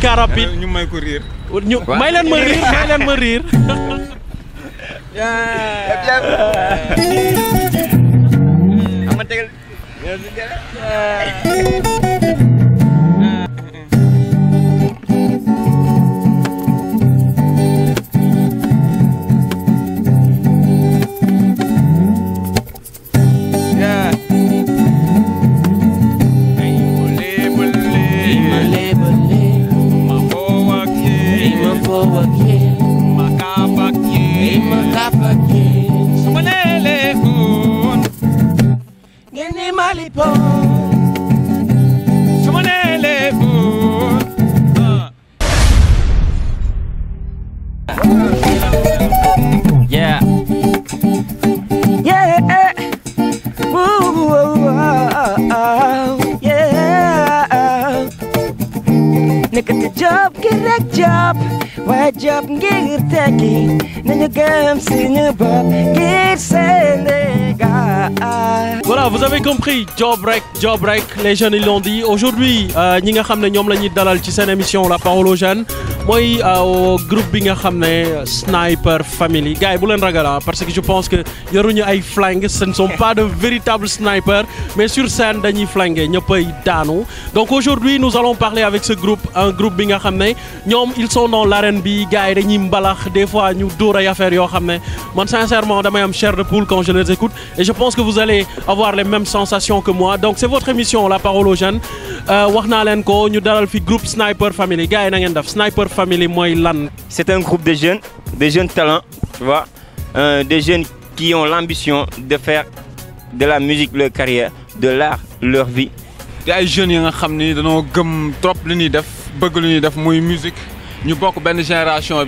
car rapide ñu may ko riir ñu oh, may leen ma riir may leen ma ya, ya. Yeah. Yeah. Ooh, yeah. Nigga job, get that job. Why job get tacky? Then you come see your bob, get sandy. voilà vous avez compris job break, job break, les jeunes ils l'ont dit aujourd'hui nous euh, nga xam émission la parole aux jeunes moi, euh, groupe bi nga xam ne sniper family gars yi bu leen ragal ah, parce que je pense que yoruñu ay flingue ce ne sont pas de véritables snipers mais sur scène dañuy flinguer ñëppay daanu donc aujourd'hui nous allons parler avec ce groupe un groupe bi nga xam ne ñoom ils sont dans l'arène bi gars yi dañuy mbalax des fois ñu dóor ay affaire yoo xam ne man sincèrement damay am chair de poule quand je les écoute et je pense que vous allez avoir les mêmes sensations que moi donc c'est votre émission la parole aux jeunes euh, wax naa leen ko ñu dalal fi groupe sniper family gars yi na ngeen def sniper c'est un groupe de jeunes des jeunes talents tu vois euh, des jeunes qui ont l'ambition de faire de la musique leur carrière de l'art leur vie. Les jeunes musique génération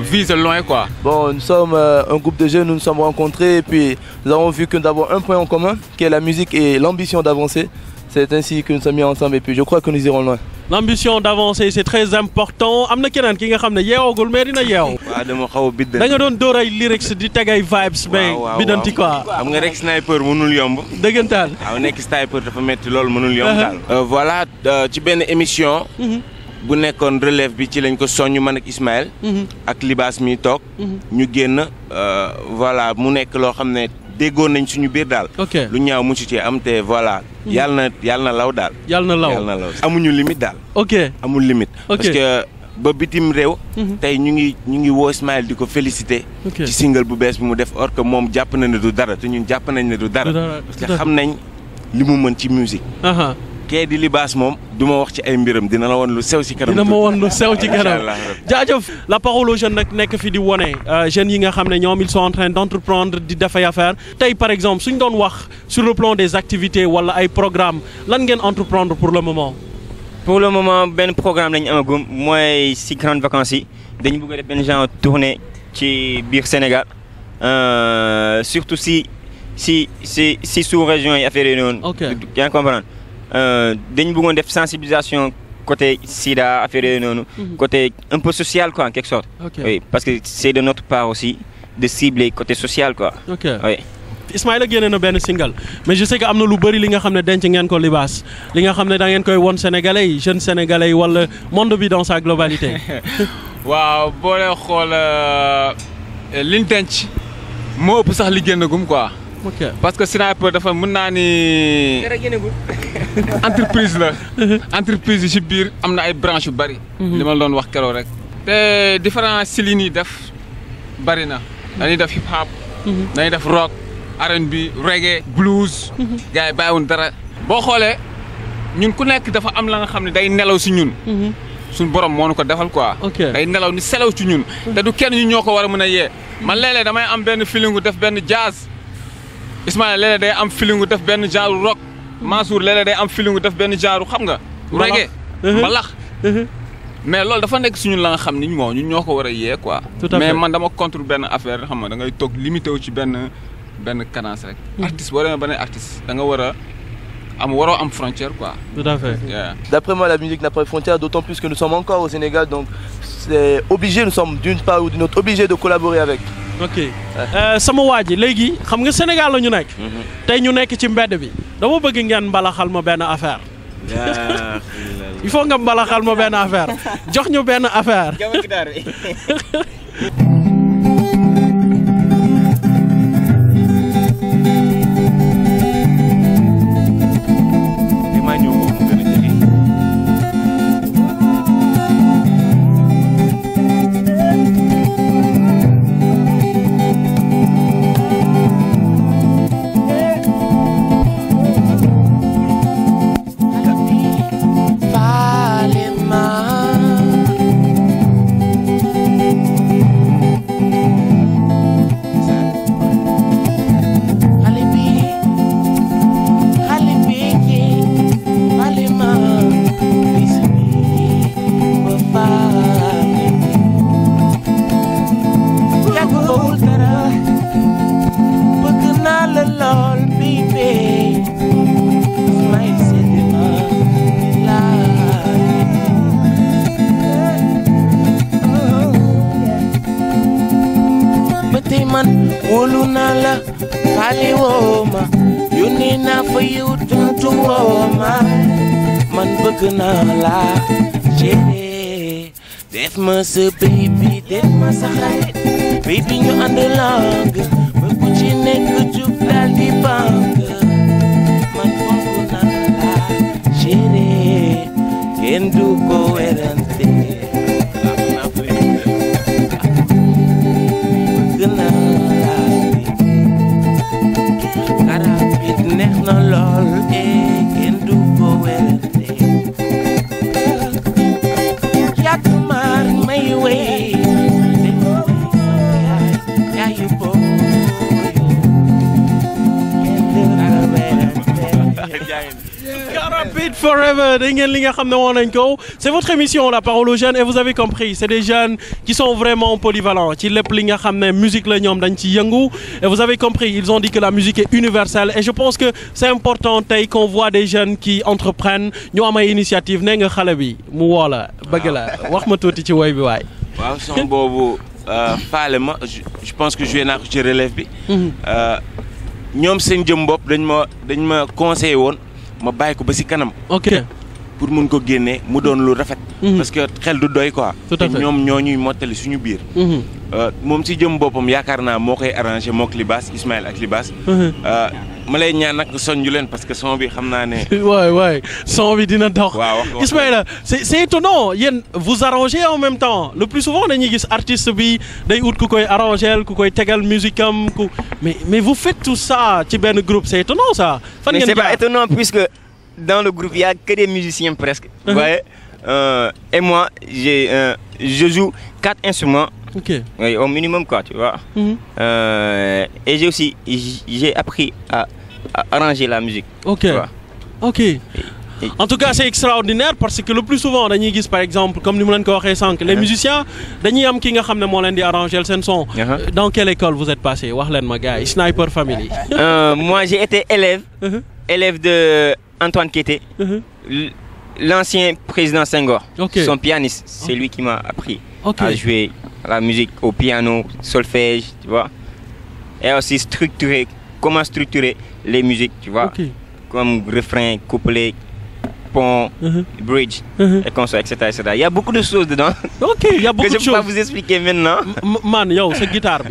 vise loin quoi. Bon, nous sommes euh, un groupe de jeunes, nous nous sommes rencontrés et puis nous avons vu que nous avons un point en commun, qui est la musique et l'ambition d'avancer c'est ainsi que nous sommes mis ensemble et puis je crois que nous irons loin. L'ambition d'avancer c'est très important Amna na ki nga xam ne yeewagul mais dina yeew. dama xaw da nga don door lyrics di tagay vibes. waaw waaw biddanti quoi. xam nga rek sniper mënul yomb. dëggantaan waaw nek sniper dafa metti lol mënul yomb uh-huh. dal. Euh, voilà euh, ci ben émission. Mm-hmm. bu nekkoon relève bi ci lañ ko soñu man ak Ismaël. Mm-hmm. ak Libas mi tok mm-hmm. ñu génn euh, voilà mu nekk lo xam déggoon nañ suñu biir daal. lu ñaaw musu ci am te voilà. Mhm. yàlla na yàlla na law daal. yàlla na law amuñu limite daal. ok amul limite. parce ba bitim réew. Mhm. tey ñu ngi ñu ngi woo Ismaël di ko féliciter. ci single bu bees bi mu def or que moom jàpp na ne du dara te ñun jàpp nañ ne du dara. parce xam nañ li mu mën ci musique. kee di libaas mom duma ma wax ci ay mbiram dina la won lu sew ci kanam. dina ma won lu sew ci kanam jaajëf. la parole aux jeunes nak nek fi di wone euh, jeunes yi nga xamné ñoom ils sont en train d'entreprendre di def ay affaire tay par exemple suñ doon wax sur le plan des activités wala ay programmes lan ngeen entreprendre pour le moment. pour le moment ben programme lañu amagum moy ci grande vacances yi dañu bëgg a def benn genre tournée ci biir Sénégal euh, surtout si si si si sous région yi affaire yi noonu. ok yaa comprendre. Euh, dañ bëggoon def sensibilisation côté sida affaire non mhm. côté un peu social quoi en quelque sorte. Okay. oui parce que c'est de notre part aussi de cibler côté social quoi. ok oui. Ismaïla génne na benn single mais je sais que amna lu bëri li nga xamné denc ngeen ko libas li nga xamné da ngeen koy won sénégalais yi jeunes sénégalais wala monde bi dans sa globalité. waaw boo xol euh liñ denc moo ëpp sax li génnagum quoi. ok parce que Sniper dafa mun naa ni. entreprise la. entreprise yi si biir am na ay branches yu bari. Mhm. li ma doon wax keroog rek. te différents si yi ñuy def bari na. dañuy def hip hop. Mhm. dañuy def rock R&B reggae blues. Mhm. gars yi bàyyiwuñ dara. boo xoolee ñun ku nekk dafa am la nga xam ne day nelaw si ñun. suñ borom moo nu ko defal quoi. day nelaw ni selaw ci ñun. te du kenn ñu ñoo ko war a mën a yee. man léeg-léeg damay am benn feeling def benn jazz. Ismaël, day am rock Mansour day am def nga. Mhm. Mhm. mais dafa nek suñu la nga xam ni mais man dama contre ben affaire xam nga da ngay limité ci cadence rek. Mhm. artiste artiste da tout à fait. d'après moi la musique n'a pas de frontière d'autant plus que nous sommes encore au Sénégal donc c'est obligé nous sommes d'une part ou d'une autre obligés de collaborer avec. ok euh, sama waa ji léegi xam nga Sénégal la ñu nekk. Mhm. tey ñu nekk ci mbedd bi dama bëgg ngeen mbalaxal ma benn affaire. il faut nga mbalaxal ma benn affaire jox ñu benn affaire. living a lie. Yeah, that must a uh, baby, death must a uh, hide. Baby, you're under long. We put your neck with you, bloody bang. Man, come on, lie. Yeah, can do go ahead and Euh, c'est votre émission, la parole aux jeunes, et vous avez compris, c'est des jeunes qui sont vraiment polyvalents. musique Et vous avez compris, ils ont dit que la musique est universelle. Et je pense que c'est important qu'on voit des jeunes qui entreprennent. Nous avons une initiative. Nous avons faale ma je pense que je vais relève bi mhm. euh, ñoom seen jëm bopp dañ ma conseillé ma bàyyi ko ba si kanam. ok pour mun ko génne mu don lu rafet. Mhm. parce que xel du doy quoi. ñom à fait ñuy mottali suñu biir. Mhm. euh mom ci jëm bopam yakarna mo koy arranger mook Libaas Ismaël ak Libaas. Mhm. Euh, ma lay ñaan nak soññu leen parce que son bi xamna né way way son bi dina dox. ismaël c'est c'est étonnant yéen vous arrangez en même temps le plus souvent dañuy gis artiste bi day out ku koy arranger ku koy tégal musicam ku mais mais vous faites tout ça ci ben groupe c'est étonnant ça. mais c'est pas étonnant puisque dans le groupe, il n'y a que des musiciens presque. Ouais. Mhm. Euh, et moi, j'ai, euh, je joue quatre instruments. au minimum quoi, tu vois. Mhm. Euh, et j'ai aussi j'ai appris à, arranger la musique. Ok. Ok. en tout cas, c'est extraordinaire parce que le plus souvent, on guiss par exemple, comme nous l'avons récent, les uh-huh. musiciens, ils am ki arranger le son. Uh-huh. Dans quelle école vous êtes passé Sniper Family. moi, j'ai été élève uh-huh élève de Antoine Kété, uh-huh. l'ancien président Senghor, son pianiste, c'est lui qui m'a appris à jouer la musique au piano, solfège, tu vois. Et aussi structurer, comment structurer les musiques, tu vois. Comme refrain, couplet, pont, uh-huh. bridge, uh-huh. et comme etc., Il y a beaucoup de choses dedans. Ok, il y a beaucoup de choses. je ne peux pas vous expliquer maintenant. man, yo, c'est guitare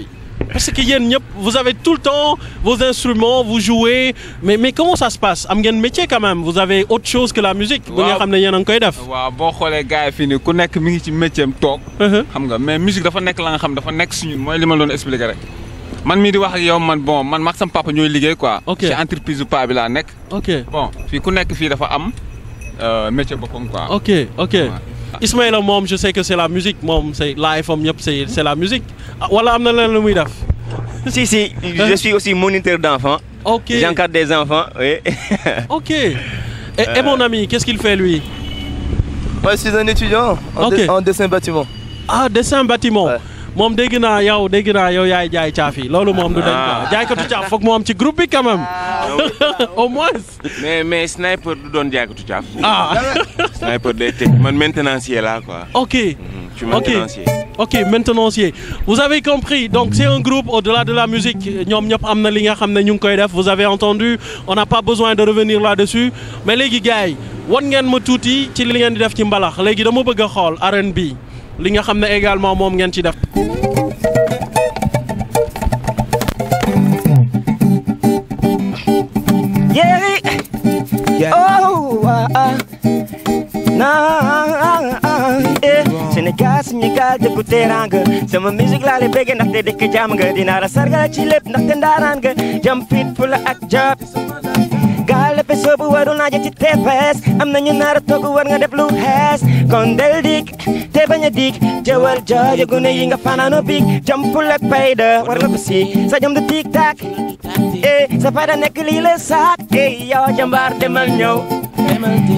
parce que yéen ñëpp vous avez tout le temps vos instruments vous jouez mais mais comment ça se passe am ngeen métier quand même vous avez autre chose que la musique. bu nga xam ne a un koy def. waaw boo gars yi fii ku mi ngi ci métier am toog. Uh-huh. xam nga mais musique dafa nekk la nga xam dafa nekk suñu mooy li ma doon expliquer rek. man mi di wax ak yow man bon man maag sam papa ñoy liggéey quoi. ok ci entreprise pa bi la nek ok bon fi ku nek fi dafa am euh, métier boppam quoi. ok ok. Ismaël, moom je sais que c'est la musique c'est live c'est c'est la musique Voilà, ah, si si hein? je suis aussi moniteur d'enfants. ok j'encadre des enfants oui. ok et, mon ami qu'est-ce qu'il fait lui. je suis un étudiant. en, dessin bâtiment. ah dessin bâtiment mom dégg naa yow dégg naa yow yaay jaay caaf yi loolu moom du dañ ah. ko jaaykatu caaf foog moo am ci groupe bi quand même ah. au moins. mais mais sniper du doon tu caaf. ah sniper day teg man maintenancier là quoi. ok tu mhm. maintenancier. ok maintenancier vous avez compris donc c'est un groupe au-delà de la musique ñoom ñëpp am na li nga xam ne ñu ngi koy def vous avez entendu on n'a pas besoin de revenir là-dessus mais léegi gars yi wan ngeen ma tuuti ci li ngeen di def ci mbalax léegi dama bëgg a xool bi. li nga xam ne également moom ngeen ci def oh, ah, ah. Eh. Sénégal Sénégal dëkku teranga sama musique laa lay bëgg ndaxte dëkk jàmm nga dinaa la sargal ci lépp ndaxte ndaaraan nga jam fit fu la ak jàpp puwarul aja ci tefes am nañu nar togu war nga lu xees kon dik te baña dik jëwal jooju gune yi nga big jampul ak payda war nga Sajam detik tak eh sa fayda nekk lii la eh ya jambaar demal ñëw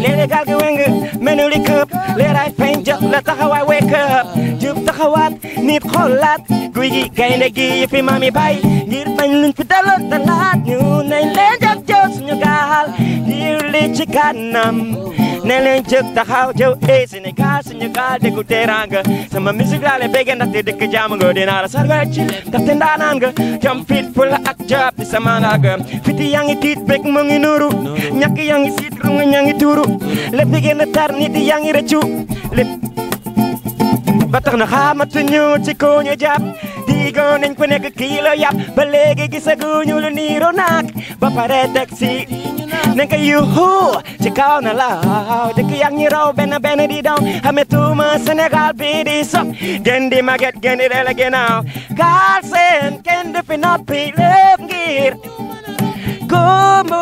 léegi gaal gi wëng menu li këpp leeraay feeñ jox wake up jup taxawaat nit xoolaat guy gi gaynde gi yëfi maami bàyyi ngir bañ luñ fi daloon dalaat jos nyukal diuli cikanam nelen jek ta hau jo e eh, sine ka sine ka de kuteranga sama music la le begen da te de ke jam go de na la sarga chil ta tendanan ga fit full ak jap sama na fiti yang itu bek mungi nuru nyaki yang sit rung yang turu le begen da tar ni di yang recu le batak na khamat nyu ci ko nya ligo nañ ku kilo yap, ba léegi gisaguñu lu niiru naak ba pare teg si nañ ko yuhu na lao? de yak niro, bena-bena benn di daw xame tuuma Sénégal bi di sopp gendi di maget na di reele ginnaaw gaal seen kenn du fi noppi lépp ngir kumbu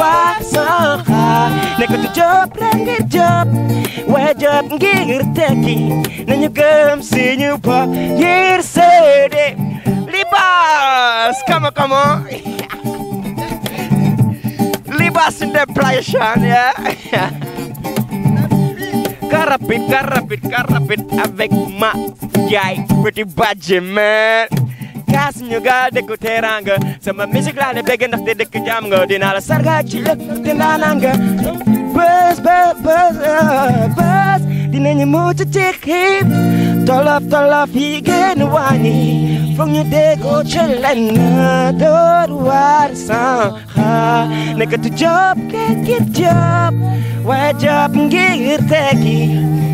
kuasa Nek tu job rangir job Wajab ngir teki si sinyupa Ngir sede Libas Kamu kamu Libas in the playation ya Karapit karapit karapit Avec ma Jai Pretty budget man kaas ñu gaal dëkku teraanga sama musique laa ne bëgg ndax te dëkk jàmm nga dinaa la sarga ci lépp te ndaanaan nga bës bës bës bës dinañu mucc ci xiif tolof tolof yi gën wàññi foog ñu déggoo ci lenn door waar sans xaar nekkatu job kekki job waaye job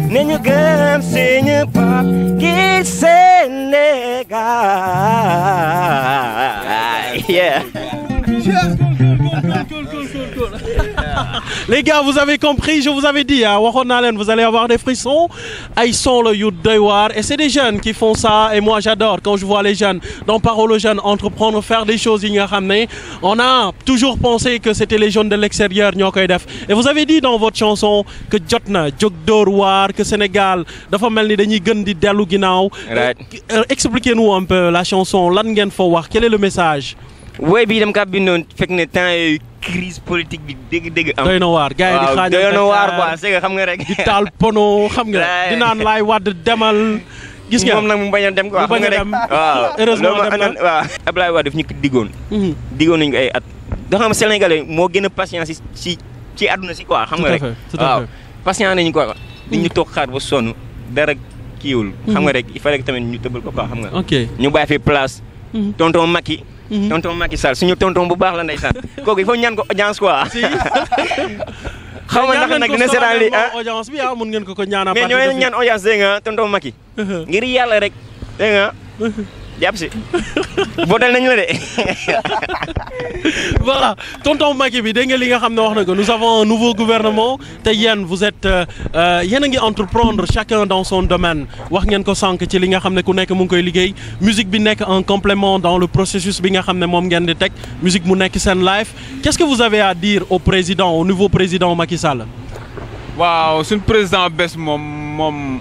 Nenhugam senha pop que se nega. Yeah. Cool, cool, cool, cool, cool, cool, cool. les gars vous avez compris je vous avais dit à hein, vous allez avoir des frissons Ils sont le Youth et c'est des jeunes qui font ça et moi j'adore quand je vois les jeunes dans Parole aux jeunes entreprendre faire des choses on a toujours pensé que c'était les jeunes de l'extérieur et vous avez dit dans votre chanson que Jotna, na que Sénégal dafa les dañuy euh, expliquez-nous un peu la chanson lan forward, quel est le message wooy bi dem ka bindoon fekk ne temps yooyu crise politique bi dégg-dégg. am doy na waar gars yi di xaajal doy na waar quoi xam nga rek. di taal pono xam nga di naan laay wadd demal. gis nga mu bañ dem quoi xam nga rek waaw heureusement dem mhm. at. doo xam Sénégalais moo gën a patience si si ci àdduna si quoi xam nga rek. waaw patient nañu quoi. Mhm. di ñu toog xaar ba sonn dara kiiwul. xam nga mhm. rek il fallait que tamit ñu tëbal ko quoi xam nga. ok ñu bàyyi fi place. tonton Macky. Mhm. tonton Macky Sall suñu tonton bu baax la ndeysaan kooku il faut ñaan ko audience quoi. xaw ma ndax nag dina seetaan lii ah bi ah mun ngeen ko ko ñaan mais ñoo ñaan audience dégg nga tonton Macky. ngir yàlla rek dégg nga. Yapsi. si votel la de. voilà tonton Macky bi nga li nga nous avons un nouveau gouvernement te vous êtes euh, euh, yéen a ngi entreprendre chacun dans son domaine wax ngeen ko sànq ci li nga ne ku nekk mu ngi koy musique bi nekk un complément dans le processus bi nga xam ne moom ngeen di musique mu nekk seen live qu'est-ce que vous avez à dire au président au nouveau président Macky Sall. waaw suñu président bés Mom. mom.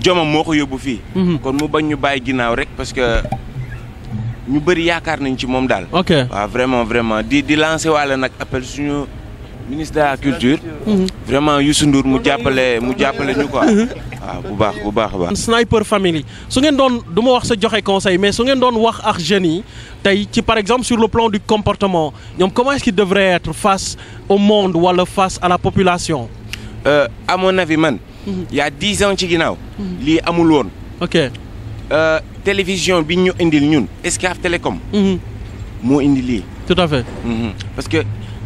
je suis mhm. kon mu bañ ñu parce que ok vraiment vraiment di lancer wala nak appel le ministre de la culture. Mhm. vraiment nous Ndour mu nous mu Sniper Family su ngeen doon du conseil mais si ngeen doon wax par exemple sur le plan du comportement comment est-ce qu'il devrait être face au monde ou face à la population. Euh, à mon avis man il y a 10 ans ci ginaaw mhm. li amul won ok euh, télévision bi ñu Télécom. Mhm. indi tout à fait. Mhm. parce que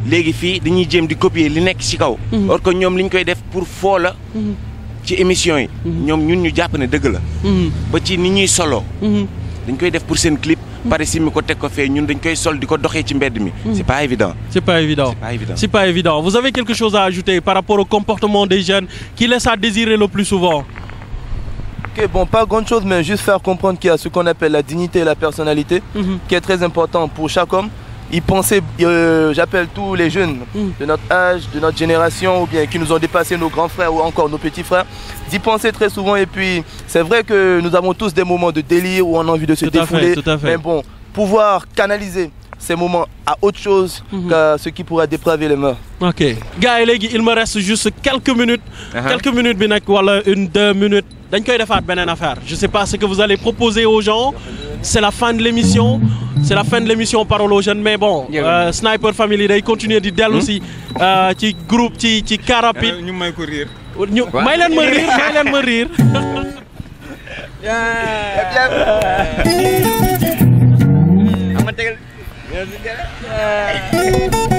les dañuy di copier li or que ñom liñ def pour fo la. ci émission yi. ñom ñun ñu ne fait la. solo. dañ koy def pour sen clip c'est pas évident. c'est pas évident c'est pas évident vous avez quelque chose à ajouter par rapport au comportement des jeunes qui laissent à désirer le plus souvent. bon pas grand chose mais juste faire comprendre qu'il y a ce qu'on appelle la dignité et la personnalité. Mm-hmm. qui est très important pour chaque homme ils euh, j'appelle tous les jeunes hmm. de notre âge, de notre génération, ou bien qui nous ont dépassé nos grands frères ou encore nos petits frères, d'y penser très souvent. Et puis, c'est vrai que nous avons tous des moments de délire où on a envie de se tout défouler. tout fait. Mais bon, pouvoir canaliser ces moments à autre chose mhm. que ce qui pourrait dépraver les mains. ok gars il me reste juste quelques minutes. Uh-huh. quelques minutes bi une deux minutes. dañ koy affaire je sais pas ce que vous allez proposer aux gens C'est la fin de l'émission. C'est la fin de l'émission parole aux jeunes mais bon. Euh, Sniper Family continue continuer dire aussi. Hmm? aussi. Euh, ci groupe petit ci get it? Yeah. Uh,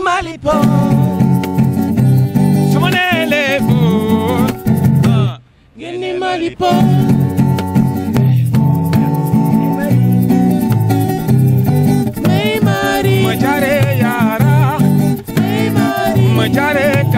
malipo sumonelefu ah. ngeni malipo mari, yara, mari.